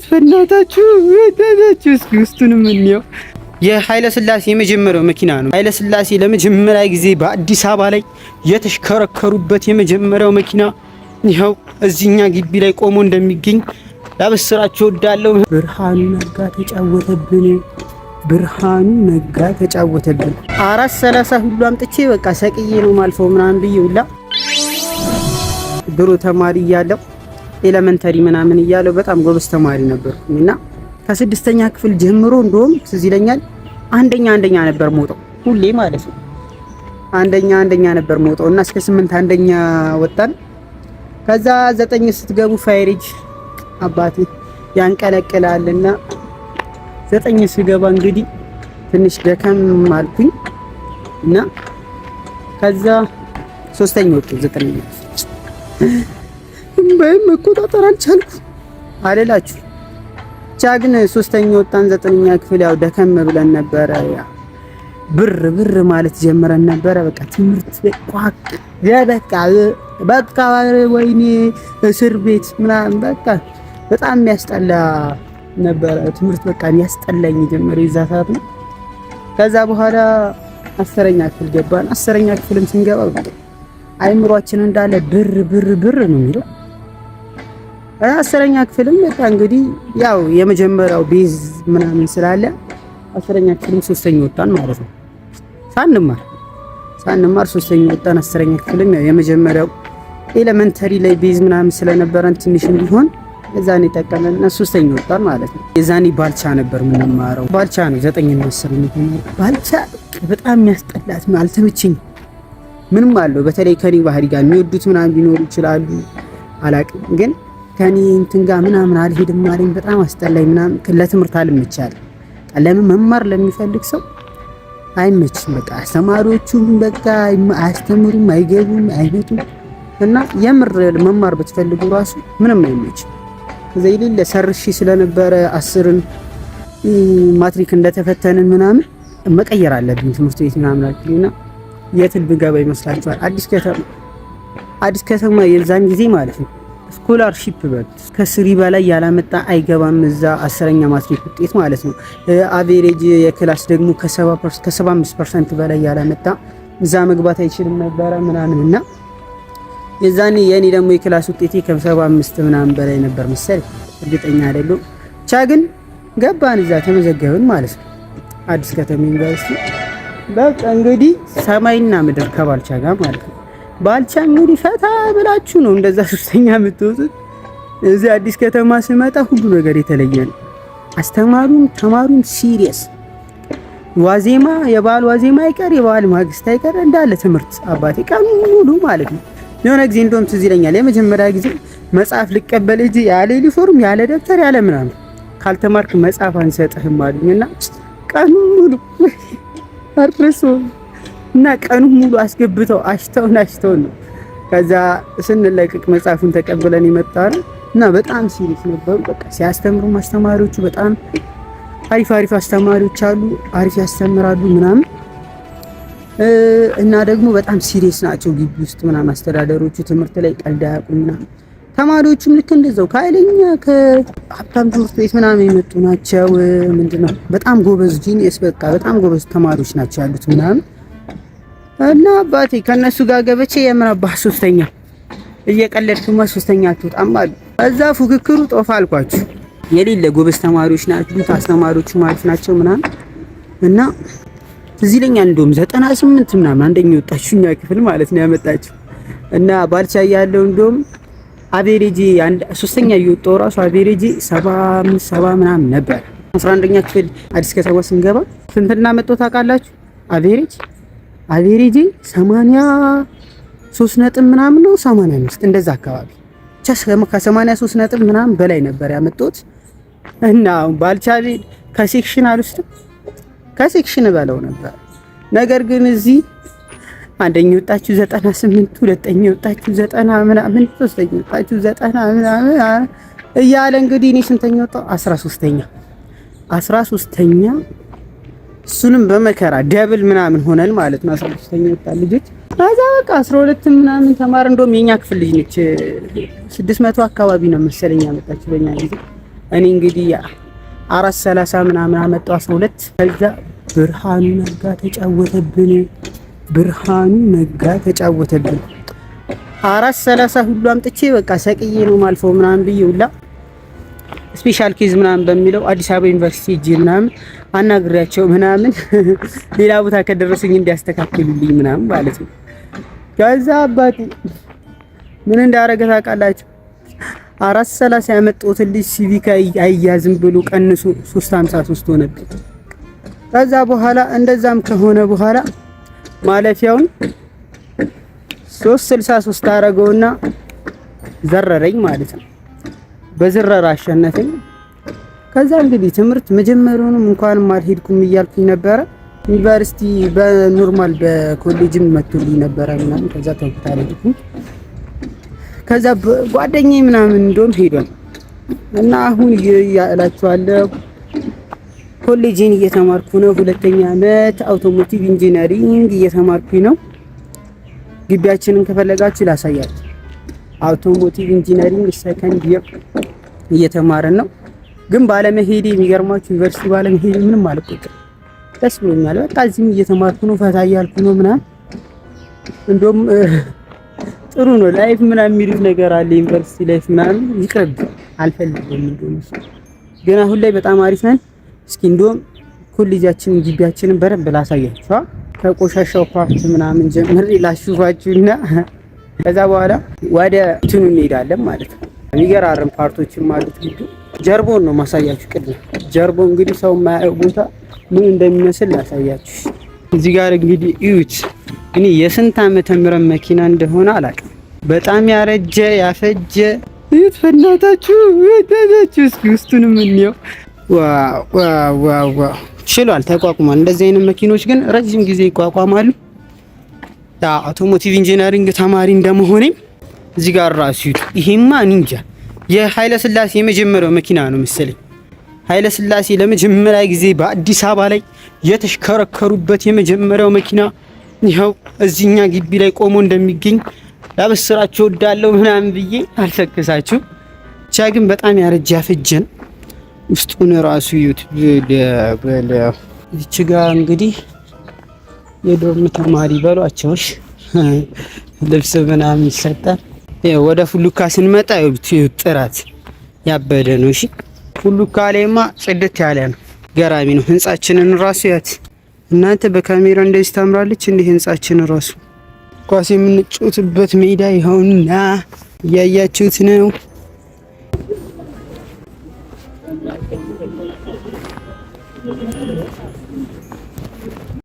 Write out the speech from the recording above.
አቤት በእናታችሁ በእናታችሁ እስኪ ውስጡንም እንየው። የኃይለ ስላሴ የመጀመሪያው መኪና ነው። ኃይለ ለመጀመሪያ ጊዜ በአዲስ አበባ ላይ የተሽከረከሩበት የመጀመሪያው መኪና ይኸው እዚህኛ ግቢ ላይ ቆሞ እንደሚገኝ ላበስራችሁ እወዳለሁ። ብርሃኑ ነጋ ተጫወተብን። ብርሃኑ ነጋ ተጫወተብን። አራት ሰላሳ ሁሉ አምጥቼ በቃ ሰቅዬ ነው ማልፈው ምናምን ብዬ ሁላ ድሮ ተማሪ እያለሁ ኤለመንተሪ ምናምን እያለው በጣም ጎበዝ ተማሪ ነበርኩኝ እና ከስድስተኛ ክፍል ጀምሮ እንደውም ትዝ ይለኛል አንደኛ አንደኛ ነበር ሞጠው ሁሌ ማለት ነው። አንደኛ አንደኛ ነበር ሞጠው እና እስከ ስምንት አንደኛ ወጣን። ከዛ ዘጠኝ ስትገቡ ፋይሪጅ አባቴ ያንቀለቅላልና ዘጠኝ ስገባ እንግዲህ ትንሽ ደከም አልኩኝ እና ከዛ ሶስተኛ ወጡ ዘጠኝ እንባዬን መቆጣጠር አልቻልኩ አልላችሁ። ብቻ ግን ሶስተኛ ወጣን ዘጠነኛ ክፍል ያው ደከም ብለን ነበረ። ብር ብር ማለት ጀምረን ነበረ። በቃ ትምህርት በቋቅ በቃ በቃ ወይኔ እስር ቤት ምናምን በቃ በጣም የሚያስጠላ ነበረ ትምህርት በቃ ያስጠላኝ ጀመረ የዛ ሰዓት ነው። ከዛ በኋላ አስረኛ ክፍል ገባን። አስረኛ ክፍልም ስንገባ አይምሯችን እንዳለ ብር ብር ብር ነው የሚለው አስረኛ ክፍልም በቃ እንግዲህ ያው የመጀመሪያው ቤዝ ምናምን ስላለ አስረኛ ክፍልም ሶስተኛ ወጣን ማለት ነው። ሳንማር ሳንማር ሶስተኛ ወጣን። አስረኛ ክፍልም ያው የመጀመሪያው ኤሌመንተሪ ላይ ቤዝ ምናምን ስለነበረን ትንሽም ቢሆን እዛኔ ጠቀመን እና ሶስተኛ ወጣን ማለት ነው። የዛኔ ባልቻ ነበር የምንማረው። ባልቻ ነው ዘጠኝ ዘጠኝና አስር ባልቻ በጣም የሚያስጠላት አልተመቸኝም። ምንም አለው በተለይ ከኔ ባህሪ ጋር የሚወዱት ምናምን ሊኖሩ ይችላሉ አላቅም ግን ከኔ እንትን ጋር ምናምን አልሄድም አለኝ። በጣም አስጠላኝ ምናምን ለትምህርት አልመቻል። ለምን መማር ለሚፈልግ ሰው አይመችም። በቃ አስተማሪዎቹም በቃ አያስተምሩም፣ አይገቡም፣ አይመጡም እና የምር መማር ብትፈልጉ ራሱ ምንም አይመችም። ከዛ የሌለ ሰርሺ ስለነበረ አስርን ማትሪክ እንደተፈተንን ምናምን መቀየር አለብኝ ትምህርት ቤት ምናምን አልኩኝና የትል ብገባ ይመስላችኋል? አዲስ ከተማ አዲስ ከተማ የዛን ጊዜ ማለት ነው ስኮላርሺፕ በት ከስሪ በላይ ያላመጣ አይገባም እዛ አስረኛ ማትሪክ ውጤት ማለት ነው። አቬሬጅ የክላስ ደግሞ ከ75 ፐርሰንት በላይ ያላመጣ እዛ መግባት አይችልም ነበረ ምናምን እና የዛኔ የእኔ ደግሞ የክላስ ውጤቴ ከ75 ምናምን በላይ ነበር መሰል እርግጠኛ አይደለም። ብቻ ግን ገባን እዛ ተመዘገብን ማለት ነው። አዲስ ከተማ ዩኒቨርሲቲ በቃ እንግዲህ ሰማይና ምድር ከባልቻ ጋር ማለት ነው። ባልቻ እንግዲህ ፈታ ብላችሁ ነው እንደዛ ሶስተኛ የምትወጡት። እዚህ አዲስ ከተማ ስመጣ ሁሉ ነገር የተለየ ነው። አስተማሪም ተማሪም ሲሪየስ ዋዜማ የበዓል ዋዜማ አይቀር የበዓል ማግስት አይቀር እንዳለ ትምህርት አባቴ ቀኑ ሙሉ ማለት ነው። የሆነ ጊዜ እንደውም ትዝ ይለኛል የመጀመሪያ ጊዜ መጽሐፍ ልቀበል እጅ ያለ ዩኒፎርም ያለ ደብተር ያለ ምናምን ካልተማርክ መጽሐፍ አንሰጥህም አሉኝ እና ቀኑ ሙሉ አድረሰው እና ቀኑ ሙሉ አስገብተው አሽተውን አሽተውን ነው። ከዛ ስንለቅቅ መጽሐፉን ተቀብለን የመጣን እና በጣም ሲሪስ ነበሩ። በቃ ሲያስተምሩ አስተማሪዎቹ በጣም አሪፍ አሪፍ አስተማሪዎች አሉ፣ አሪፍ ያስተምራሉ ምናምን እና ደግሞ በጣም ሲሪየስ ናቸው ግቢ ውስጥ ምናምን አስተዳደሮቹ ትምህርት ላይ ቀልድ አያውቁም ምናምን። ተማሪዎቹም ልክ እንደዛው ከኃይለኛ ከሀብታም ትምህርት ቤት ምናምን የመጡ ናቸው። ምንድነው በጣም ጎበዝ ጂኒየስ፣ በቃ በጣም ጎበዝ ተማሪዎች ናቸው ያሉት ምናምን እና አባቴ ከነሱ ጋር ገበቼ የምን አባህ ሶስተኛ እየቀለድኩማ ሶስተኛ አትወጣም አሉ። እዛ ፉክክሩ ጦፋ አልኳችሁ። የሌለ ጎበዝ ተማሪዎች ናችሁ፣ አስተማሪዎቹ ማለት ናቸው ምናምን እና እዚህ ለኛ እንደውም ዘጠና ስምንት ምናምን አንደኛ የወጣችሁ እኛ ክፍል ማለት ነው ያመጣችሁ እና ባልቻ ያለው እንደውም አቬሬጂ ሶስተኛ እየወጣው ራሱ አቬሬጂ ሰባ ሰባ ምናምን ነበር። አስራ አንደኛ ክፍል አዲስ ከተማ ስንገባ ስንትና መጥቶ ታውቃላችሁ አቬሬጅ አቬሬጅ 83 ነጥብ ምናምን ነው 85 እንደዛ አካባቢ ከ83 ነጥብ ምናምን በላይ ነበር ያመጡት እና ባልቻ ከሴክሽን አልወስድም ከሴክሽን በለው ነበር። ነገር ግን እዚህ አንደኛ የወጣችሁ 98 ሁለተኛ የወጣችሁ 90 ምናምን ሶስተኛ የወጣችሁ 90 ምናምን እያለ እንግዲህ እኔ ስንተኛ ወጣሁ? 13ኛ 13ኛ እሱንም በመከራ ደብል ምናምን ሆነን ማለት ነው። አስራ ወጣ ልጆች አዛ በቃ አስራ ሁለት ምናምን ተማር። እንደውም የኛ ክፍል ልጅ ነች። ስድስት መቶ አካባቢ ነው መሰለኝ ያመጣች በእኛ ጊዜ። እኔ እንግዲህ አራት ሰላሳ ምናምን አመጣው አስራ ሁለት ከዛ ብርሃኑ ነጋ ተጫወተብን። ብርሃኑ ነጋ ተጫወተብን። አራት ሰላሳ ሁሉ አምጥቼ በቃ ሰቅዬ ነው ማልፈው ምናምን ብዬ ሁላ ስፔሻል ኬዝ ምናምን በሚለው አዲስ አበባ ዩኒቨርሲቲ እጅ ምናምን አናግሪያቸው ምናምን ሌላ ቦታ ከደረሱኝ እንዲያስተካክሉልኝ ምናምን ማለት ነው። ከዛ አባቴ ምን እንዳረገ ታውቃላችሁ? አራት ሰላሳ ያመጣሁትን ልጅ ሲቪክ አያዝም ብሎ ቀንሶ 353 ሆነብኝ። ከዛ በኋላ እንደዛም ከሆነ በኋላ ማለፊያውን 363 አረገውና ዘረረኝ ማለት ነው። በዝረራ አሸነፈኝ። ከዛ እንግዲህ ትምህርት መጀመሩንም እንኳንም አልሄድኩም እያልኩኝ ነበረ። ዩኒቨርሲቲ በኖርማል በኮሌጅም መቶልኝ ነበረ ምናምን። ከዛ ተንኩታለሁ። ከዛ ጓደኛዬ ምናምን እንደውም ሄዷል እና አሁን እላችኋለሁ ኮሌጅን እየተማርኩ ነው። ሁለተኛ አመት አውቶሞቲቭ ኢንጂነሪንግ እየተማርኩኝ ነው። ግቢያችንን ከፈለጋችሁ ላሳያችሁ። አውቶሞቲቭ ኢንጂነሪንግ ሰከንድ ይር እየተማረን ነው። ግን ባለመሄድ የሚገርማችሁ ዩኒቨርሲቲ ባለመሄድ ምንም አልቆጭም፣ ደስ ብሎኛል። በቃ እዚህም እየተማርኩ ነው፣ ፈታ እያልኩ ነው ምናምን። እንደውም ጥሩ ነው ላይፍ ምናምን የሚሉት ነገር አለ ዩኒቨርሲቲ ላይፍ ምናምን ይቅርብ አልፈልግም። እንደውም ግን አሁን ላይ በጣም አሪፍ ነን። እስኪ እንደውም ኮሌጃችንን ግቢያችንን በደንብ ላሳያችኋ ከቆሻሻው ፓርት ምናምን ጀምሬ ላሹፋችሁና ከዛ በኋላ ወደ እንትኑ እንሄዳለን ማለት ነው። የሚገራርም ፓርቶችም አሉት ግዱ። ጀርቦን ነው ማሳያችሁ። ቅድ ጀርቦ እንግዲህ ሰው የማያየው ቦታ ምን እንደሚመስል ላሳያችሁ። እዚህ ጋር እንግዲህ እዩት። እኔ የስንት ዓመተ ምህረት መኪና እንደሆነ አላውቅም። በጣም ያረጀ ያፈጀ እዩት። በእናታችሁ ታታችሁ እስኪ ውስጡንም እንየው። ዋው ዋው ዋው! ችሏል፣ ተቋቁሟል። እንደዚህ አይነት መኪኖች ግን ረጅም ጊዜ ይቋቋማሉ። አውቶሞቲቭ ኢንጂነሪንግ ተማሪ እንደመሆኔ እዚህ ጋር ራሱ ይሉ ይሄማ ኒንጃ የኃይለ ስላሴ የመጀመሪያው መኪና ነው መሰለኝ። ኃይለ ስላሴ ለመጀመሪያ ጊዜ በአዲስ አበባ ላይ የተሽከረከሩበት የመጀመሪያው መኪና ይኸው እዚህኛ ግቢ ላይ ቆሞ እንደሚገኝ ላበስራችሁ እወዳለሁ ምናምን ብዬ አልተከሳችሁ። ብቻ ግን በጣም ያረጀ ያፈጀን ውስጡን ራሱ ዩቲዩብ ይች ጋር እንግዲህ የዶርም ተማሪ በሏቸውሽ ልብስ ምናምን ይሰጣል። ወደ ፉሉካ ስንመጣ ጥራት ያበደ ነው። እሺ ፉሉካ ላይማ ጽድት ያለ ነው። ገራሚ ነው። ህንጻችንን ራሱ ያት እናንተ በካሜራ እንደዚህ ታምራለች። እንዲህ ህንጻችን ራሱ ኳስ የምንጫወትበት ሜዳ ይኸውና እያያችሁት ነው።